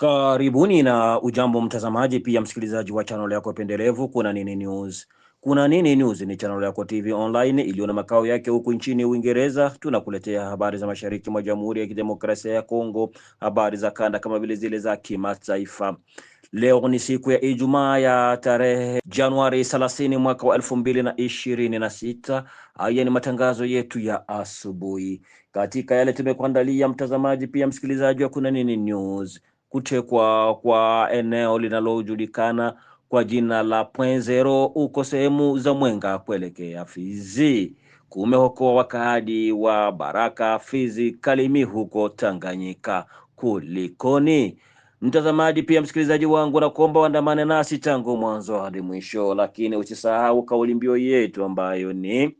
Karibuni na ujambo mtazamaji, pia msikilizaji wa channel yako pendelevu Kuna Nini News. Kuna Nini News ni channel yako TV online iliyo na makao yake huku nchini Uingereza. Tunakuletea habari za mashariki mwa Jamhuri ya Kidemokrasia ya Kongo, habari za kanda kama vile zile za kimataifa. Leo ni siku ya Ijumaa ya tarehe Januari 30 mwaka wa elfu mbili na ishirini na sita. Haya ni matangazo yetu ya asubuhi katika yale tumekuandalia mtazamaji, pia msikilizaji wa Kuna Nini News kutekwa kwa eneo linalojulikana kwa jina la Point Zero huko sehemu za Mwenga kuelekea Fizi kumeokoa wakaadi wa Baraka, Fizi, Kalimi huko Tanganyika. Kulikoni mtazamaji, pia msikilizaji wangu, na kuomba waandamane nasi tangu mwanzo hadi mwisho, lakini usisahau kauli mbiu yetu ambayo ni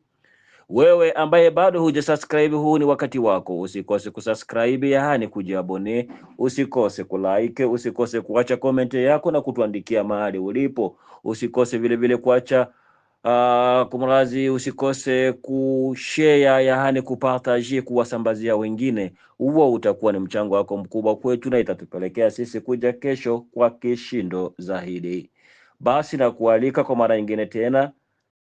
wewe ambaye bado subscribe, huu ni wakati wako, usikose kusubscribe, yaani kujiabone, usikose kulike, usikose kuacha comment yako na kutuandikia mahali ulipo, usikose vile vile kuacha Uh, ah, kumrazi usikose kushare yaani kupartage kuwasambazia wengine. Huo utakuwa ni mchango wako mkubwa kwetu na itatupelekea sisi kuja kesho kwa kishindo zaidi. Basi na kualika kwa mara nyingine tena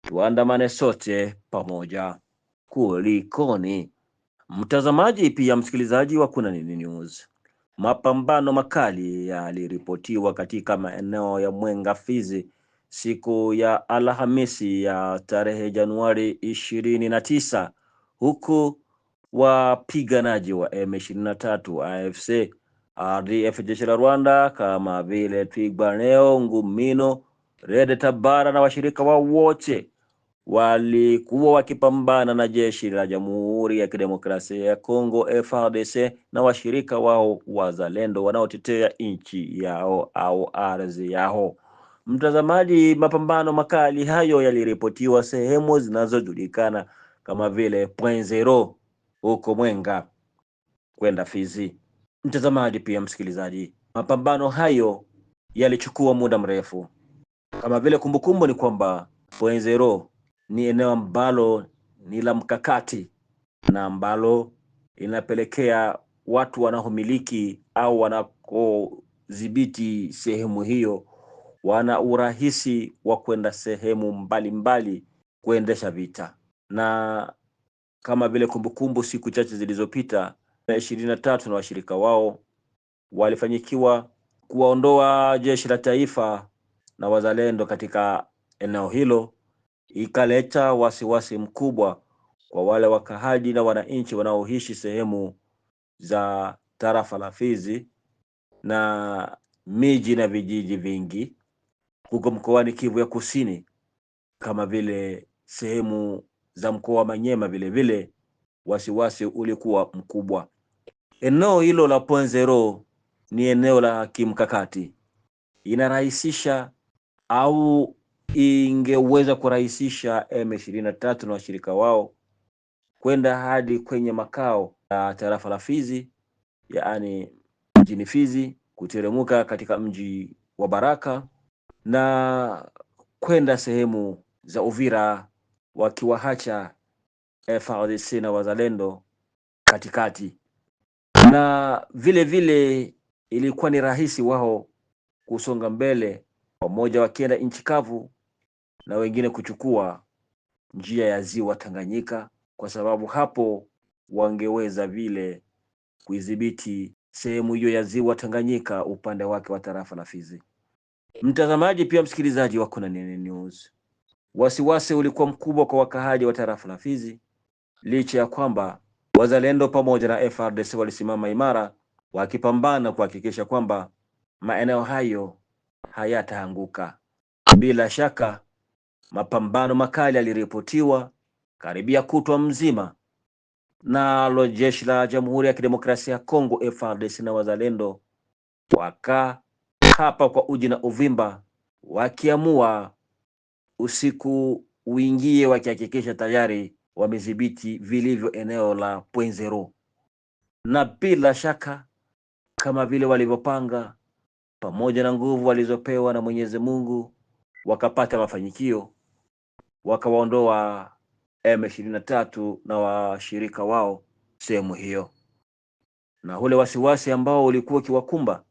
tuandamane sote pamoja. Kulikoni mtazamaji, pia msikilizaji wa Kuna Nini News. Mapambano makali yaliripotiwa katika maeneo ya Mwenga, Fizi siku ya Alhamisi ya tarehe Januari ishirini na tisa huku wapiganaji wa M23 AFC RDF jeshi la Rwanda kama vile Twirwaneho, Ngumino, Red Tabara na washirika wao wote walikuwa wakipambana na jeshi la Jamhuri ya Kidemokrasia ya Kongo FARDC na washirika wao wazalendo wanaotetea nchi yao au ardhi yao. Mtazamaji, mapambano makali hayo yaliripotiwa sehemu zinazojulikana kama vile Point Zero huko Mwenga kwenda Fizi. Mtazamaji pia msikilizaji, mapambano hayo yalichukua muda mrefu. Kama vile kumbukumbu ni kwamba Point Zero ni eneo ambalo ni la mkakati na ambalo inapelekea watu wanaomiliki au wanakodhibiti sehemu hiyo wana urahisi wa kwenda sehemu mbalimbali mbali kuendesha vita, na kama vile kumbukumbu, siku chache zilizopita ishirini na tatu na washirika wao walifanyikiwa kuwaondoa jeshi la taifa na wazalendo katika eneo hilo ikaleta wasiwasi mkubwa kwa wale wakahaji na wananchi wanaoishi sehemu za tarafa la Fizi na miji na vijiji vingi huko mkoani Kivu ya Kusini, kama vile sehemu za mkoa wa Manyema. Vilevile wasiwasi ulikuwa mkubwa. Eneo hilo la Ponzero ni eneo la kimkakati, inarahisisha au ingeweza kurahisisha M23 na washirika wao kwenda hadi kwenye makao ya tarafa la Fizi, yaani mjini Fizi, kuteremuka katika mji wa Baraka na kwenda sehemu za Uvira, wakiwaacha FARDC na wazalendo katikati, na vile vile ilikuwa ni rahisi wao kusonga mbele, wamoja wakienda nchi kavu na wengine kuchukua njia ya ziwa Tanganyika, kwa sababu hapo wangeweza vile kuidhibiti sehemu hiyo ya ziwa Tanganyika upande wake wa tarafa la Fizi. Mtazamaji pia msikilizaji wa Kuna Nini News, wasiwasi ulikuwa mkubwa kwa wakahaji wa tarafa la Fizi licha ya kwamba wazalendo pamoja na FRDC walisimama imara wakipambana kuhakikisha kwamba maeneo hayo hayataanguka. Bila shaka Mapambano makali yaliripotiwa karibia kutwa mzima nalo jeshi la Jamhuri ya Kidemokrasia ya Kongo frdc na wazalendo wakaa hapa kwa uji na uvimba, wakiamua usiku uingie, wakihakikisha tayari wamedhibiti vilivyo eneo la Pwenzero, na bila shaka kama vile walivyopanga, pamoja na nguvu walizopewa na Mwenyezi Mungu, wakapata mafanikio wakawaondoa eh, M23 na washirika wao sehemu hiyo, na ule wasiwasi ambao ulikuwa ukiwakumba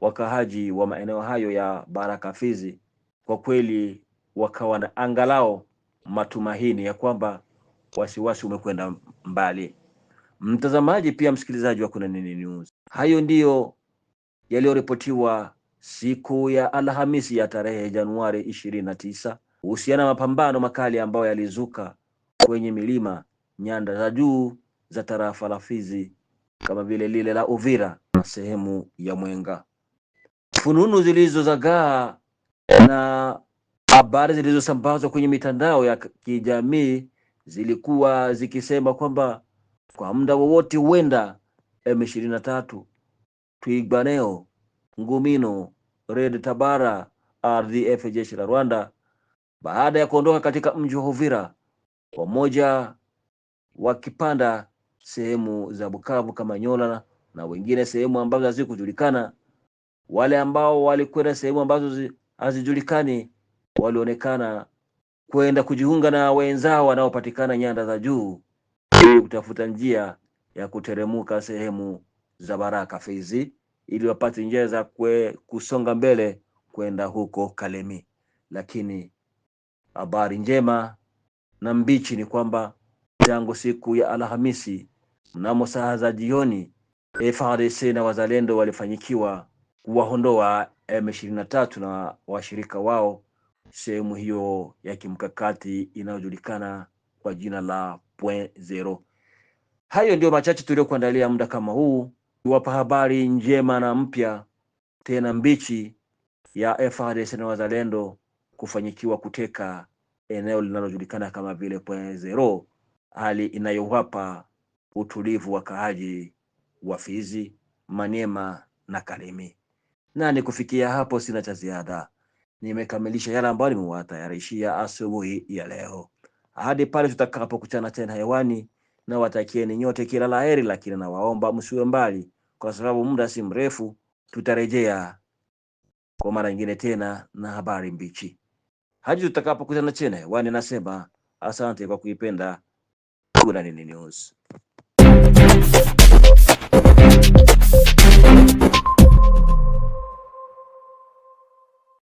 wakahaji wa maeneo hayo ya Baraka Fizi, kwa kweli wakawa na angalao matumaini ya kwamba wasiwasi umekwenda mbali. Mtazamaji pia msikilizaji wa Kuna Nini News, hayo ndiyo yaliyoripotiwa siku ya Alhamisi ya tarehe Januari ishirini na tisa kuhusiana na mapambano makali ambayo yalizuka kwenye milima nyanda za juu za tarafa la Fizi kama vile lile la Uvira na sehemu ya Mwenga. Fununu zilizozagaa na habari zilizosambazwa kwenye mitandao ya kijamii zilikuwa zikisema kwamba kwa muda wowote huenda M23 Twirwaneho, Ngumino, Red Tabara, RDF jeshi la Rwanda baada ya kuondoka katika mji wa Uvira, wamoja wakipanda sehemu za Bukavu, kama nyola na wengine sehemu ambazo hazikujulikana. Wale ambao walikwenda sehemu ambazo hazijulikani walionekana kwenda kujiunga na wenzao wanaopatikana nyanda za juu ili kutafuta njia ya kuteremuka sehemu za Baraka Fizi ili wapate njia za kusonga mbele kwenda huko Kalemi, lakini Habari njema na mbichi ni kwamba tangu siku ya Alhamisi mnamo saa za jioni e, FARDC na wazalendo walifanyikiwa kuwaondoa M23 na washirika wao sehemu hiyo ya kimkakati inayojulikana kwa jina la Point Zero. Hayo ndio machache tuliyokuandalia muda kama huu, kuwapa habari njema na mpya tena mbichi ya e, FARDC na wazalendo kufanyikiwa kuteka eneo linalojulikana kama vile Point Zero, hali inayowapa utulivu wakaaji wa Fizi, Maniema na Kalemi. Na ni kufikia hapo, sina cha ziada, nimekamilisha yale ambayo nimewatayarishia asubuhi ya leo. Hadi pale tutakapokutana tena hewani, na watakieni nyote kila laheri, lakini nawaomba msiwe mbali, kwa sababu muda si mrefu tutarejea kwa mara nyingine tena na habari mbichi hadi tutakapokutana tena hewani, nasema asante kwa kuipenda Kuna Nini News.